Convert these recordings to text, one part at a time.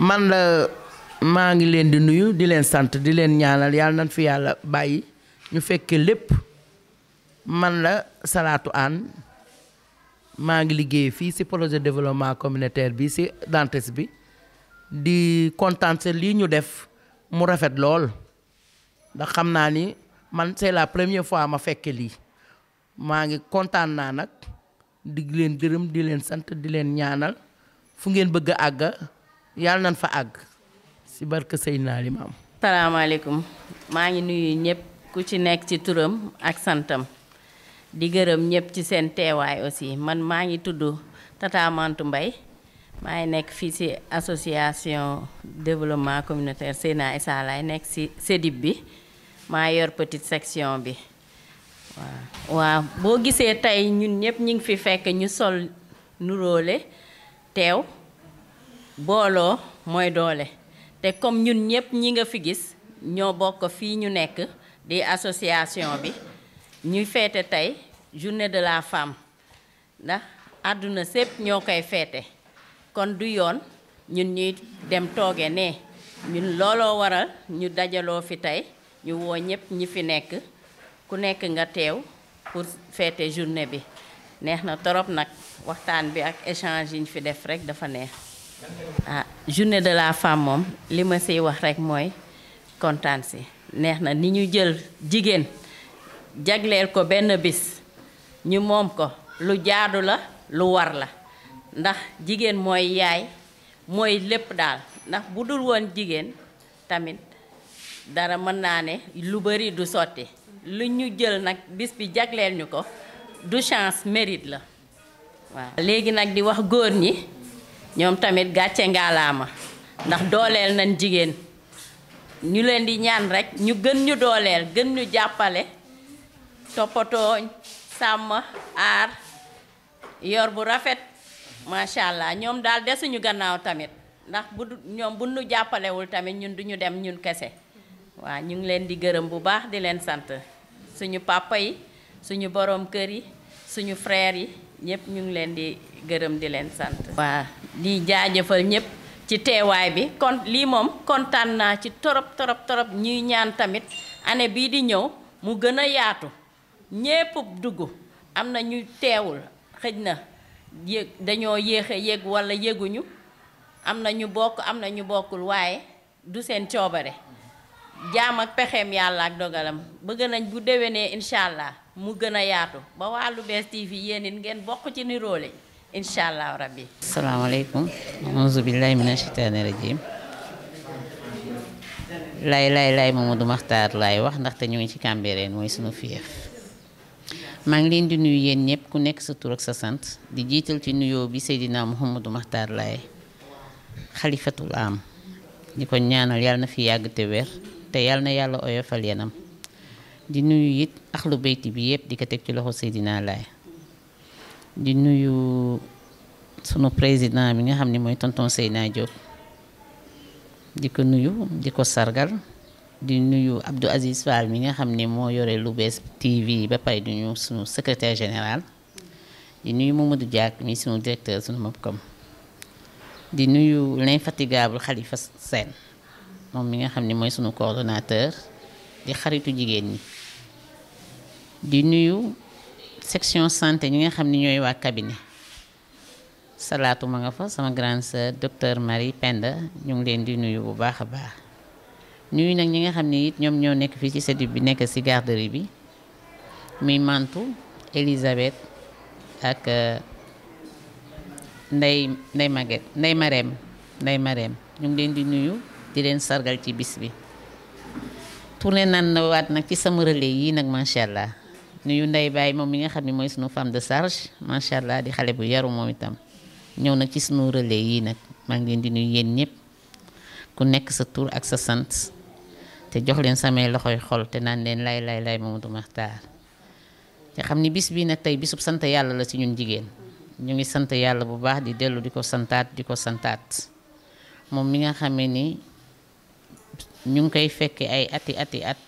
man la maa ngi leen di nuyu di leen sant di leen ñaanal yàlla nañ fi yàlla bàyyi ñu fekkee lépp man la salaatu Hann maa ngi liggéey fii si projet développement communautaire bi si dantes bi di kontaan lii ñu def mu rafet lool ndax xam naa ni man c'est la première fois ma fekke lii maa ngi kontaan naa nag di leen gërëm di leen sant di leen ñaanal fu ngeen bëgg a àgg yàlla na fa àgg si barke Seydina Limaamu. salaamaaleykum maa ngi nuyu ñëpp ku ci nekk ci turam ak santam di gërëm ñépp ci seen teewaay aussi man maa ngi tudd Tata mbay Mbaye maa ngi nekk fii si association développement communautaire Seyna Issa nekk ci SEDIB bi maa yor petite section bi waaw. waaw boo gisee tey ñun ñëpp ñu ngi fi fekk ñu sol nuroole teew. booloo mooy doole te comme ñun ñëpp ñi nga fi gis ñoo bokk fii ñu nekk di association bi ñuy feete tey journée de la femme ndax àdduna sépp ñoo koy feete kon du yoon ñun ñuy dem tooge ne ñun looloo waral ñu dajaloo fi tey ñu woo ñëpp ñi fi nekk ku nekk nga teew pour feete journée bi neex na torop nag waxtaan bi ak échange yi ñu fi def rekk dafa neex ah journée de la femme moom li ma ci wax rekk mooy kontaan si neex na ni ñu jël jigéen jagleel ko benn bis ñu moom ko lu jaadu la lu war la ndax jigéen mooy yaay mooy lépp daal ndax bu dul woon jigéen tamit dara mën naa ne lu bari du sotti lu ñu jël nag bis bi jagleel ñu ko du chance mérite la waaw léegi nag di wax góor ñi ñoom tamit gàcce ngaalaama ndax dooleel nañ jigéen ñu leen di ñaan rek ñu gën ñu dooleel gën ñu jàppale toppatoo sàmm aar yor bu rafet macha allah ñoom daal desuñu gannaaw tamit ndax bu ñoom bu nu jàppalewul tamit ñun duñu dem ñun kese waa ñu ngi leen di gërëm bu baax di leen sant suñu papa yi suñu boroom kër yi suñu freer yi ñëpp ñu ngi leen di gërëm di leen sant. waa di jaajëfal ñépp ci teewaay bi kon lii moom kontaan naa ci torop torop torop ñuy ñaan tamit année bii di ñëw mu gën a yaatu ñépp dugg am na ñu teewul xëj na yéeg dañoo yéex a yéeg walla yéguñu am na ñu bokk am na ñu bokkul waaye du seen coobare jaam ak pexeem yàlla ak dogalam bëgg nañ bu déwénee incha allah mu gën a yaatu ba waa Lou'Bess TV yéen it ngeen bokk ci niroole incha allah rabbi. asalaamaaleykum. auzu billahi mina shaytaani rajim. lay lay lay Mamadou Makhtar laay wax ndaxte ñu ngi ci Cambérène mooy sunu fief. maa ngi leen di nuyu yéen ñëpp ku nekk sa tur ak sa sant di jiital ci nuyoo bi Seydina Mouhamadou maxtar laay xalifatul am di ko ñaanal yàlla na fi yàgg te wér te yàlla na yàlla oyofal yenam di nuyu it lu bayti bi yëpp di ko teg ci loxo Seydina laay di nuyu sunu président bi nga xam ni mooy tonton Seyna Diop di ko nuyu di ko sargal di nuyu Abdou Aziz Fall mi nga xam ni moo yore lu Lou'Bess TV ba pare di nuyu sunu secretaire général di nuyu Mamadou Diak mi sunu directeur sunu MOPCOM di nuyu l'infatigable Khalifa Sène moom mi nga xam ni mooy sunu coordonnateur di xaritu jigéen ñi di nuyu section santé ñi nga xam ni ñooy waa cabinet salaatu nga fa sama grande sœur docteur Marie Penda ñu ngi leen di nuyu bu baax a baax ñuy nag ñi nga xam ni it ñoom ñoo nekk fii ci séddu bi nekk ci garderie bi muy Mantou Elisabeth ak Ndey euh, Ndey Maguette Ndey Marème Ndey Marème ñu ngi leen di nuyu di leen sargal ci bis bi tourné nan na waat nag ci sama relais yii nag macha nuyu Ndeye Baye moom mi nga xam ne mooy sunu femme de charge macha allah di xale bu yaru moom itam ñëw nag ci sunu relais yii nag maa ngi leen di nuyu yéen ku nekk sa tur ak sa sant te jox leen samay loxoy xol te naan leen lay lay lay Mamadou Makhtar te xam ni bis bii nag tey bisub sant yàlla la ci ñun jigéen ñu ngi sant yàlla bu baax di dellu di ko santaat di ko santaat moom mi nga xamee ni ñu ngi koy fekke ay ati ati at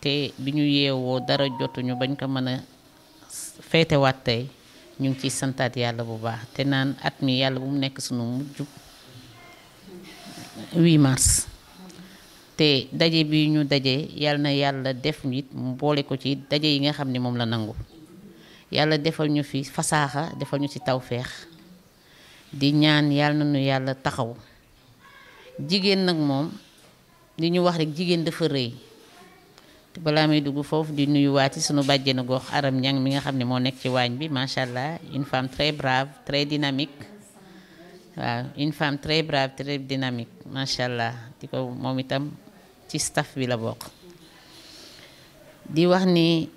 te bi ñu yeewoo dara jotuñu bañ ko mën a feetewaat tey ñu ngi ciy santaat yàlla bu baax te naan at mi yàlla bu mu nekk sunu mujj 8 mars te daje bi ñu daje yal na yàlla def nit mu boole ko ci daje yi nga xam ni moom la nangu yàlla defal ñu fi fasaaxa defal ñu ci tawfeex di ñaan yal na ñu yàlla taxaw jigéen nag moom li ñu wax rek jigéen dafa rëy balaa may dugg foofu di nuyuwaati sunu bàjjenu gox aram ñang mi nga xam ne moo nekk ci waañ bi macha allah une femme très brave très dynamique waaw une femme très brave très dynamique macha allah di ko moom itam ci staff bi la bokk. di wax ni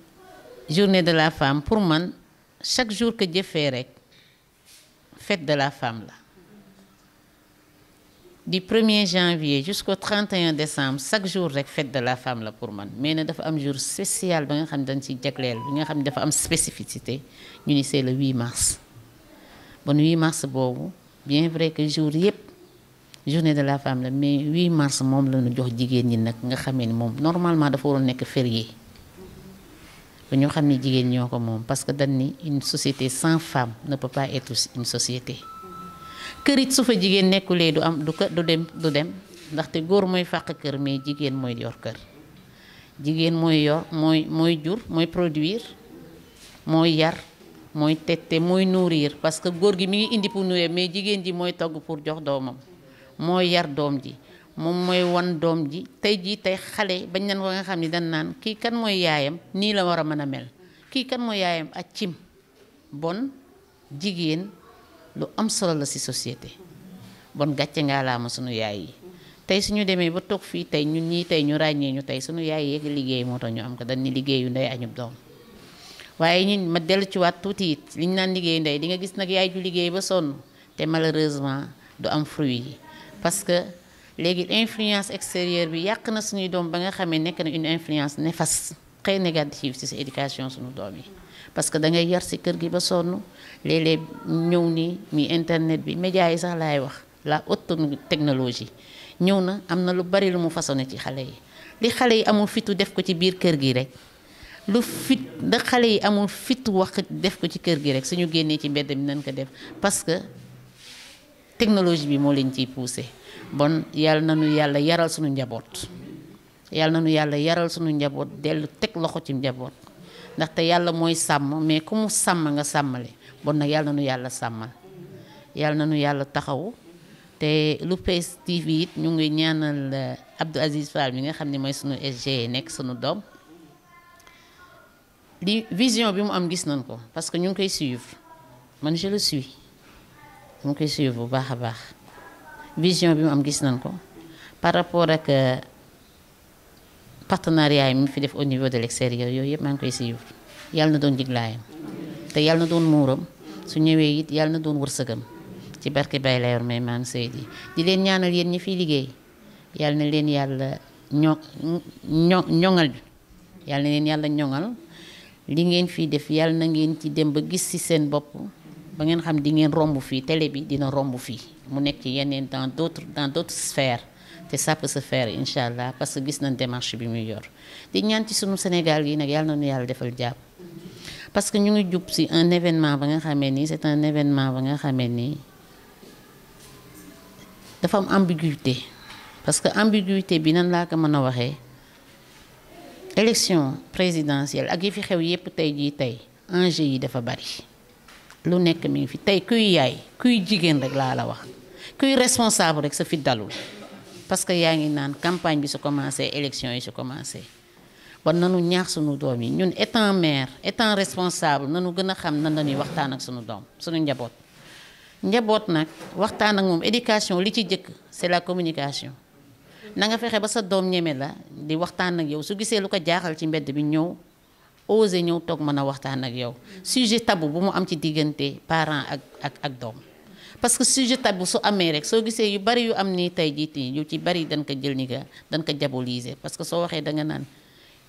journée de la femme pour man chaque jour que jëfee rek fête de la femme la. du 1er janvier jusqu'au 31 décembre chaque jour rek fête de la femme la pour man mais ne dafa am jour spécial ba nga xam ne dañ ci jagleel bi nga xam ne dafa am spécificité ñu ni c'est le 8 mars bon 8 mars boobu bien vrai que jour yëpp journée de la femme la mais 8 mars moom la ñu jox jigéen ñi nag nga xamee ni moom normalement dafa waroon nekk férié ba ñoo xam ne jigéen ñoo ko moom parce que dañ ni une société sans femme na peut pas une société kër it su fa jigéen nekkulee du am du ko du dem du dem ndaxte góor mooy fàq kër mais jigéen mooy yor kër jigéen mooy yor mooy mooy jur mooy produire mooy yar mooy tette mooy nourrir parce que góor gi mi ngi indi pour nourrir mais jigéen ji mooy togg pour jox doomam mooy yar doom ji moom mooy wan doom ji tey jii tey xale bañ nan ko nga xam ni dañ naan kii kan mooy yaayam nii la war a mën a mel kii kan mooy yaayam ak cim bon jigéen lu am solo la ci société bon gàcce ngaa ma sunu yaay yi tey suñu demee ba toog fii tey ñun ñii tey ñu ràññee ñu tey suñu yaay yeeg liggéey moo tax ñu am ko dañ ni liggéeyu ndey añub doom waaye ñun ma dellu ci waat tuuti it liñ naan liggéey ndey di nga gis nag yaay du liggéey ba sonn te malheureusement du am fruit yi parce que léegi influence extérieure bi yàq na suñuy doom ba nga xamee nekk na une influence néfaste très négative ci sa éducation suñu doom yi parce que da ngay yar si kër gi ba sonn léeg ñëw nii mi internet bi média yi sax laay wax la haute technologie ñëw na am na lu bari lu mu façonné ci xale yi li xale yi amul fitu def ko ci biir kër gi rek lu fit da xale yi amul fitu wax def ko ci kër gi rek suñu génnee ci mbedd mi nañ ko def parce que technologie bi moo leen ciy poussé bon yàlla nañu yàlla yaral suñu njaboot na nañu yàlla yaral suñu njaboot dellu teg loxo ci njaboot ndaxte yàlla mooy sàmm mais ku mu sàmm nga sàmmale bon nag yàlla nañu yàlla sàmmal yàlla nañu yàlla taxawu te lu Lou'Bess TV it ñu ngi ñaanal eh, Abdou Aziz Fall mi nga xam ne mooy sunu SG nekk sunu doom li vision bi mu am gis nañ ko parce que ñu ngi koy suivre man je le suis mu ngi koy suivre bu baax a baax vision bi mu am gis nañ ko par rapport ak. Eh, partenariat yi mu fi def au niveau de l'extérieur yooyu yëpp maa ngi koy suivre yàlla na doon jiglaayam te yàlla na doon muuram su ñëwee it yàlla na doon wërsëgam ci barke Baye Layor may maam Seydi di leen ñaanal yéen ñi fiy liggéey yàlla na leen yàlla ño ñoŋal yàlla na yàlla ñoŋal li ngeen fii def yàlla na ngeen ci dem ba gis ci seen bopp ba ngeen xam di ngeen romb fii télé bi dina romb fii mu nekk yeneen dans d'autres dans d'autres sphères te ça peut se faire incha allah parce que gis nañ démarche bi muy yor di ñaan ci sunu Sénégal yi nag yàlla nañu yàlla defal jàpp. parce que ñu ngi jub si un événement ba nga xamee ni c'est un événement ba nga xamee ni dafa am ambiguïté parce que ambiguïté bi nan laa ko mën a waxee élection présidentielle ak yi fi xew yépp tey jii tey enjeu yi dafa bari lu nekk mi ngi fi tey kuy yaay kuy jigéen rek laa la wax kuy responsable rek sa fi dalul parce que yaa ngi naan campagne bi su commencé élection yi su commencé ba nanu ñaax suñu doom yi ñun étant maire étant responsable nanu gën a xam nan la ñuy waxtaan ak suñu doom suñu njaboot njaboot nag waxtaan ak moom éducation li ci jëkk c'est la communication na nga fexe ba sa doom ñeme la di waxtaan ak yow su gisee lu ko jaaxal ci mbedd bi ñëw osé ñëw toog mën a waxtaan ak yow sujet tabu bu mu am ci diggante parent ak ak ak doom parce que sujet tabou su amee rek soo gisee yu bari yu am nii tey jii yu ci bari dañ ko jël ni ga dañ ko diaboliser parce que soo waxee danga nga naan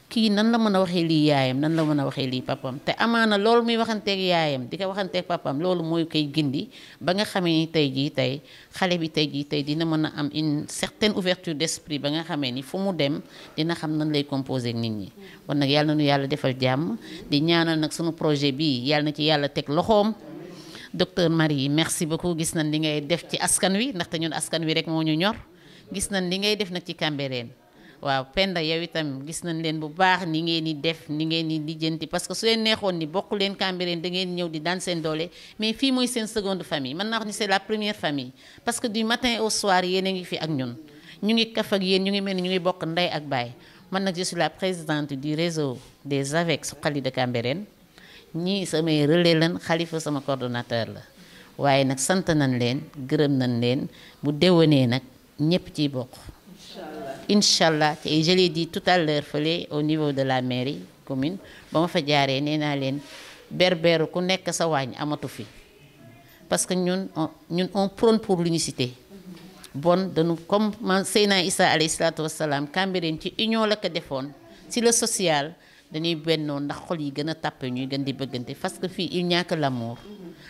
kii nan la mën a waxee lii yaayam nan la mën a waxee lii papam te amaana loolu muy waxanteeg yaayam di ko waxanteeg papam loolu mooy koy gindi ba nga xamee ni tey jii tey xale bi tey jii tey dina mën a am une certaine ouverture d'esprit ba nga xamee ni fu mu dem dina xam nan lay composer nit ñi kon nag yàlla na yàlla defal jàmm di ñaanal nag sunu projet bii yàlla na ci yàlla teg loxoom docteur Marie merci beaucoup gis na li ngay def ci askan wi ndaxte ñun askan wi rek moo ñu ñor gis na li ngay def nag ci Cambérène waaw Penda yow itam gis nañ leen bu baax ni ngeen di def ni ngeen di lijjanti parce que su leen neexoon ni bokk leen Cambérène da ngeen ñëw di daan seen doole mais fii mooy seen seconde famille mën naa wax ni c'est la première famille parce que du matin au soir yéen a ngi fi ak ñun ñu ngi kaf ak yéen ñu ngi mel ni ñu ngi bokk ndey ak baay man nag je suis la présidente du réseau des AVEC Suxali de Cambérène ñii samay relais lan xalifa sama coordonnateur la waaye nag sant nañ leen gërëm nañ leen bu déwénee nag ñëpp ciy bokk. incha allah te di l'ai tout à l'heure fële au niveau de la mairie commune ba ma fa jaaree nee naa leen berberu ku nekk sa waañ amatu fi parce que ñun on ñun on prône pour l'unicité bon danu comme man Seyna Issa alayhi salaatu wasalaam ci union la ko defoon si le social. dañuy bennoo ndax xol yi gën a tàppe ñuy gën di bëggante parce que fii il n'y a que l'amour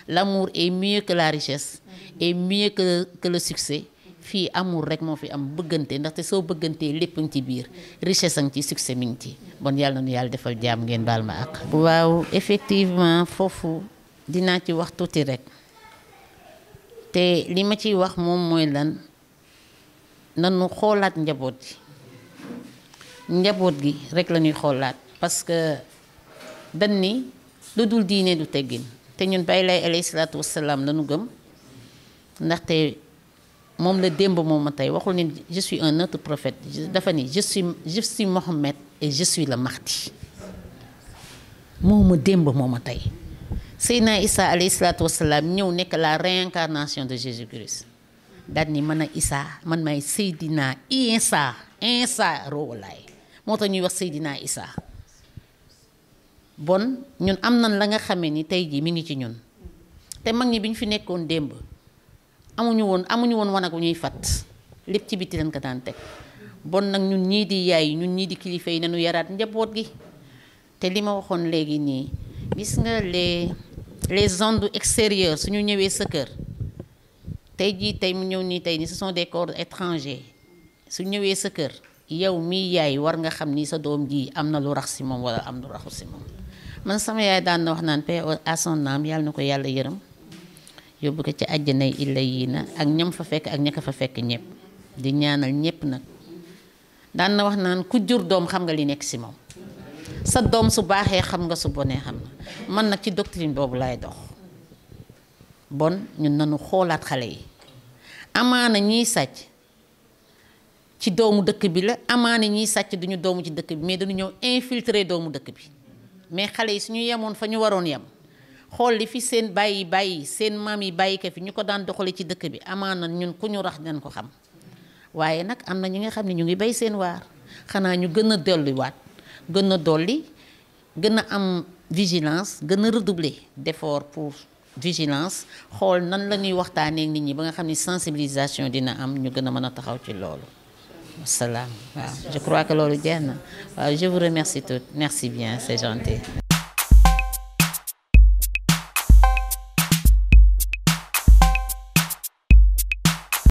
l'amour est mieux que la richesse est mieux que que le succès fii amour rek moo fi am bëggante ndaxte soo bëggantee lépp ngi ci biir richesse ngi ci succès mi ngi ci bon yàlla na nu yàlla defal jaam ngeen baal ma ak waaw effectivement foofu dinaa ci wax tuuti rek te li ma ciy wax moom mooy lan nanu xoolaat njaboot gi njaboot gi rek lañuy ñuy xoolaat parce que dañ ni lu dul diine du teggin te ñun bàyyi lay alayhi salaatu wasalaam lañu gëm ndaxte moom la démb moom ma tey waxul ni je suis un autre prophète dafa ni je suis je suis Mohammed et je la le Mahdi mooma démb mooma tey Seydina Isa alayhi salaatu ñëw nekk la réincarnation de Jésus-Christ daal ni man a Isa man may Seydina Isa Isa roowalaay moo tax ñuy wax Seydina issa bon ñun am na la nga xamee ni tey jii mi ngi ci ñun te mag ñi bi ñu fi nekkoon démb amuñu woon amuñu woon wanag wu ñuy fat lépp ci biti leen ko daan teg bon nag ñun ñii di yaay ñun ñii di kilifa yi nañu yaraat njaboot gi te li ma waxoon léegi nii gis nga les les ondes extérieures suñu ñëwee sa kër tey jii tey mu ñëw nii tey ni ce sont des corps étrangers su ñëwee sa kër yow mii yaay war nga xam ni sa doom jii am na lu rax si moom wala am lu raxu si moom man sama yaay daan na wax naan paix oh, à son âme yàlla na ko yàlla yërëm yóbbu ko ci àjjanay illa yii na ak ñam fa fekk ak ña ko fa fekk ñëpp di ñaanal ñëpp nag daan na wax naan ku jur doom xam nga li nekk si moom sa doom su baaxee xam nga su bonee xam na man nag ci doctrine boobu laay dox bon ñun nanu xoolaat xale yi amaana ñiy sàcc ci doomu dëkk bi la amaana ñiy sàcc duñu doomu ci dëkk bi mais dañu ñëw infiltrer doomu dëkk bi mais xale yi su ñu yemoon fa ñu waroon yem xool li fi seen bàyyi bàyyi seen maam yi bàyyi ko fi ñu ko daan doxale ci dëkk bi amaana ñun ku ñu rax nañ ko xam waaye nag am na ñi nga xam ne ñu ngi bay seen waar xanaa ñu gën a dolliwaat gën a dolli gën a am vigilance gën a redoubler d'effort pour vigilance xool nan la ñuy waxtaanee nit ñi ba nga xam ne sensibilisation dina am ñu gën a mën a taxaw ci loolu salaam waaw je crois que loolu jeex na waaw je vous remercie toutes merci bien c'est gentil